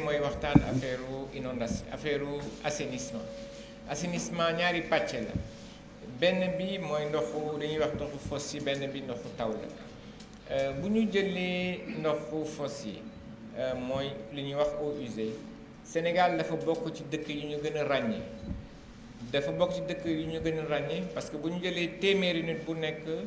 mooy waxtaan affaire inondation affaire assainissement assainissement ñaari pàcc la benn bi mooy ndoxu ñuy wax ndoxu fos yi benn bi ndoxu taw la euh, bu ñu jëlee ndoxu fos yi euh, mooy li ñuy wax eaux usées Sénégal dafa bokk ci dëkk yu ñu gën a ràññee dafa bokk ci dëkk yu ñu gën a ràññee parce que bu ñu jëlee téeméeri nit bu nekk euh,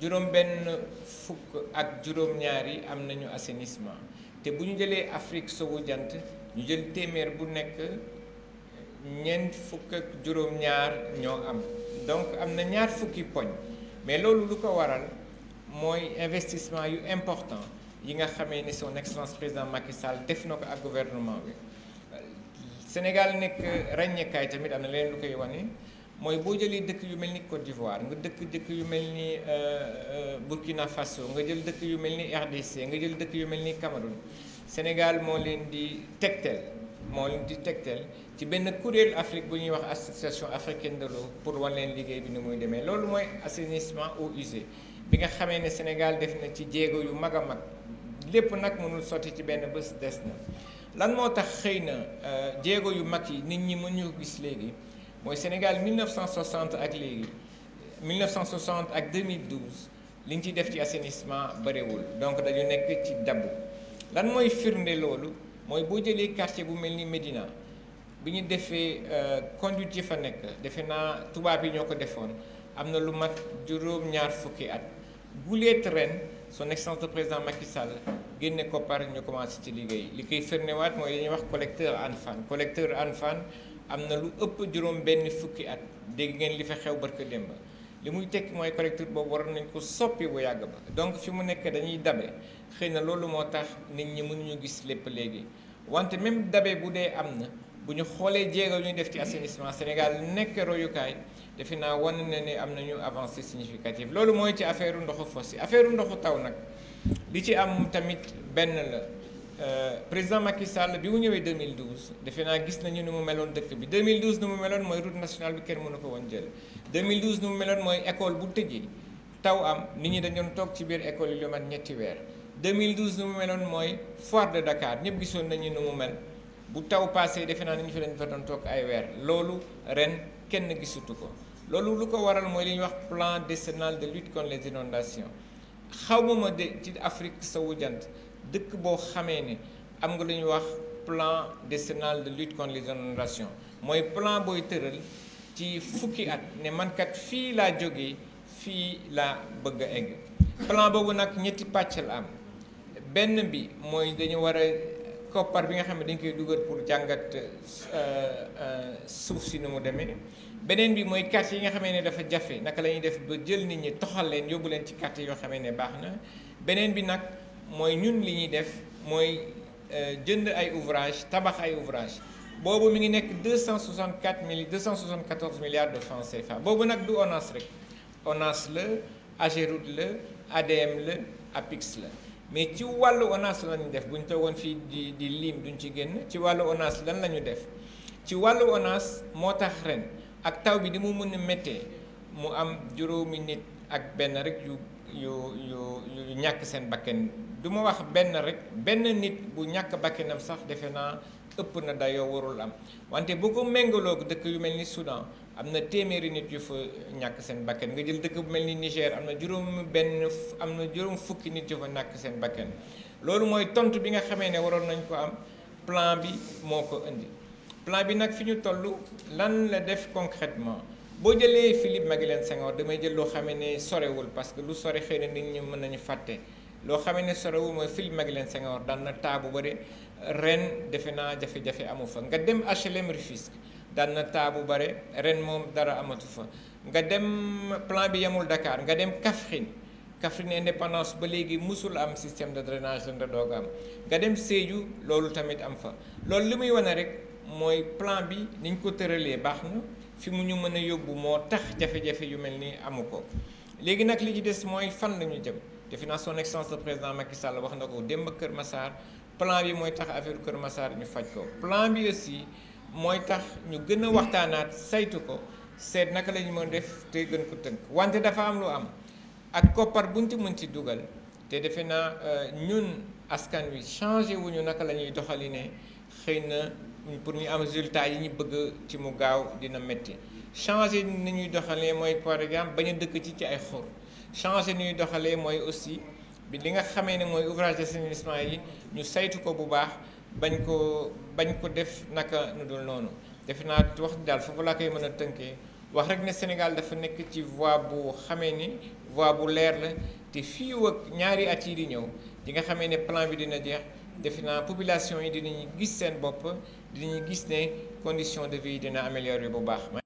juróom benn fukk ak juróom ñaari am nañu assainissement te bu ñu jëlee Afrique sowu jant ñu jël téeméer bu nekk ñeent fukk ak juróom-ñaar ñoo am donc am na ñaar fukki poñ mais loolu lu ko waral mooy investissement yu important yi nga xamee ni son excellence président Macky Sall def na ko ak gouvernement bi Sénégal nekk ràññeekaay tamit am na leen lu koy wane. mooy boo jëlee dëkk yu mel ni Côte d'Ivoire nga dëkk dëkk yu mel ni euh, euh, Burkina Faso nga jël dëkk yu mel ni RDC nga jël dëkk yu mel ni Cameroun Sénégal moo leen di tegtal moo leen di tegtel ci benn kuréel Afrique bu ñuy wax association africaine de l'eau pour wan leen liggéey bi ni muy demee loolu mooy assainissement eaux usées bi nga xamee ne Sénégal def na ci jéego yu mag a mag lépp nag mënul sotti ci benn bés des na lan moo tax xëy na euh, jéego yu mag yi nit ñi mën gis léegi. mooy Sénégal 1960 ak léegi 1960 ak 2012 li ñu ciy def ci assainissement barewul donc dañu nekk ci dabb lan mooy firnde loolu mooy boo jëlee quartier bu mel ni Médina bi ñu defee euh, conduite yi fa nekk defe naa tubaab yi ñoo ko defoon am na lu mat juróom-ñaar fukki at guleet ren son excellence le président Macky Sall génne ko par ñu commencé ci liggéey li koy firndewaat mooy dañuy wax collecteur Hann Fann collecteur Hann Fann am na lu ëpp juróom benn fukki at dégg ngeen li fa xew barka démba li muy tekki mooy collecteur boobu war nañ ko soppi bu yàgg ba donc fi mu nekk dañuy dabe xëy na loolu moo tax nit ñi mënuñu gis lépp léegi wante même dabe bu dee am na bu ñu xoolee jéego ñu def ci assainissement Sénégal nekk royukaay defe naa wan na ne am nañu avancée significative loolu mooy ci affaire ndoxu fos yi affaire ndoxu taw nag li ci am tamit benn la Euh, président Macky Sall bi mu ñëwee 2012 defe naa gis nañu ni mu meloon dëkk bi 2012 ni mu meloon mooy route nationale bi kenn mënu ko woon jël 2012 ni mu meloon mooy école bu tëjee taw am nit ñi dañoon toog ci biir école yi lu mat ñetti weer 2012 ni mu meloon mooy foire de Dakar ñëpp gisoon nañu ni mu mel bu taw passé defe naa ni ñu fa dañ fa doon toog ay weer loolu ren kenn gisutu ko loolu lu ko waral mooy li ñuy wax plan décennal de lutte contre les inondations xaw ma ma de ci Afrique sowu jant dëkk boo xamee ne am nga lu ñuy wax plan décennal de lutte contre les inondations mooy plan booy tëral ci fukki at ne mankat fii laa jógee fii laa bëgg egg plan boobu nag ñetti pàcc am benn bi mooy dañu war a koppar bi nga xam ne dañ koy dugal pour jàngat euh, euh, suuf si ni mu demee beneen bi mooy quartier yi nga xamee ne dafa jafe naka la ñuy def ba jël nit ñi toxal leen yóbbu leen ci quartier yoo xamee ne baax na beneen bi nag mooy ñun li ñuy def mooy euh, jënd ay ouvrage tabax ay ouvrage boobu mu ngi nekk 264 mille 274 milliards de francs CFA boobu nag du ONAS rek ONAS la AGEROUTE la ADM la APIX la mais ci wàllu ONAS nañu def bu ñu toogoon fii di di lim duñ ci génn ci wàllu ONAS lan la ñu def ci wàllu ONAS moo tax ren ak taw bi di mu mën a méttee mu am juróomi nit ak benn rek yu yu yu yu ñàkk seen bakken du ma wax benn rek benn nit bu ñàkk bakkanam sax defe naa ëpp na dayoo warul am wante bu ko méngaloo dëkk yu mel ni Soudan am na téeméeri nit yu fa ñàkk seen bakkan nga jël dëkk bu mel ni Niger am na juróom benn am na juróom fukki nit yu fa ñàkk seen bakkan loolu mooy tontu bi nga xamee ne waroon nañ ko am plan bi moo ko indi plan bi nag fi ñu toll lan la def concretement boo jëlee Philippe Maguilène Senghor damay jël loo xamee ne sorewul parce que lu sore xëy na nit ñi mën nañu fàtte loo xamee ne sorowu ma fil Maguilène Senghor daan na taa bu bëri ren defe naa jafe-jafe amu fa nga dem HLM Rufisque daan na taa bu bare ren moom dara amatu fa nga dem plan bi yamul dakaar nga dem Kaffrine Kaffrine indépendance ba léegi musul am système de drainage lan da am nga dem Sédhiou loolu tamit am fa loolu li muy wane rek mooy plan bi niñ ko tëralee baax na fi mu ñu mën a yóbbu moo tax jafe-jafe yu mel ni amu ko léegi nag li ci des mooy fan la ñu jëm defe naa son excellence le président Macky wax na ko démb Kër Massar plan bi mooy tax affaire Kër Massar ñu faj ko plan bi aussi mooy tax ñu gën a waxtaanaat saytu ko seet naka la ñu def te gën ko tënk wante dafa am lu am ak koppar buñ ci mën ci dugal te defe naa euh, ñun askan wi changé wuñu naka la ñuy doxali ne xëy na pour ñu am résultat yi ñu bëgg ci mu gaaw dina métti changé nañuy doxalee mooy par exemple bañ ñu dëkk ci ci ay xur changer nuy ñuy doxalee mooy aussi bi li nga xamee ne mooy ouvrage d'assainissement yi ñu saytu ko bu baax bañ ko bañ ko def naka nu dul noonu defe naa wax daal foofu laa koy mën a tënkee wax rek ne Sénégal dafa nekk ci voie bu xamee ni voie bu leer la te fii ak ñaari at yi di ñëw di nga xamee ne plan bi dina jeex defe naa population yi dinañu gis seen bopp dinañu gis ne condition de vie dina améliorer bu baax.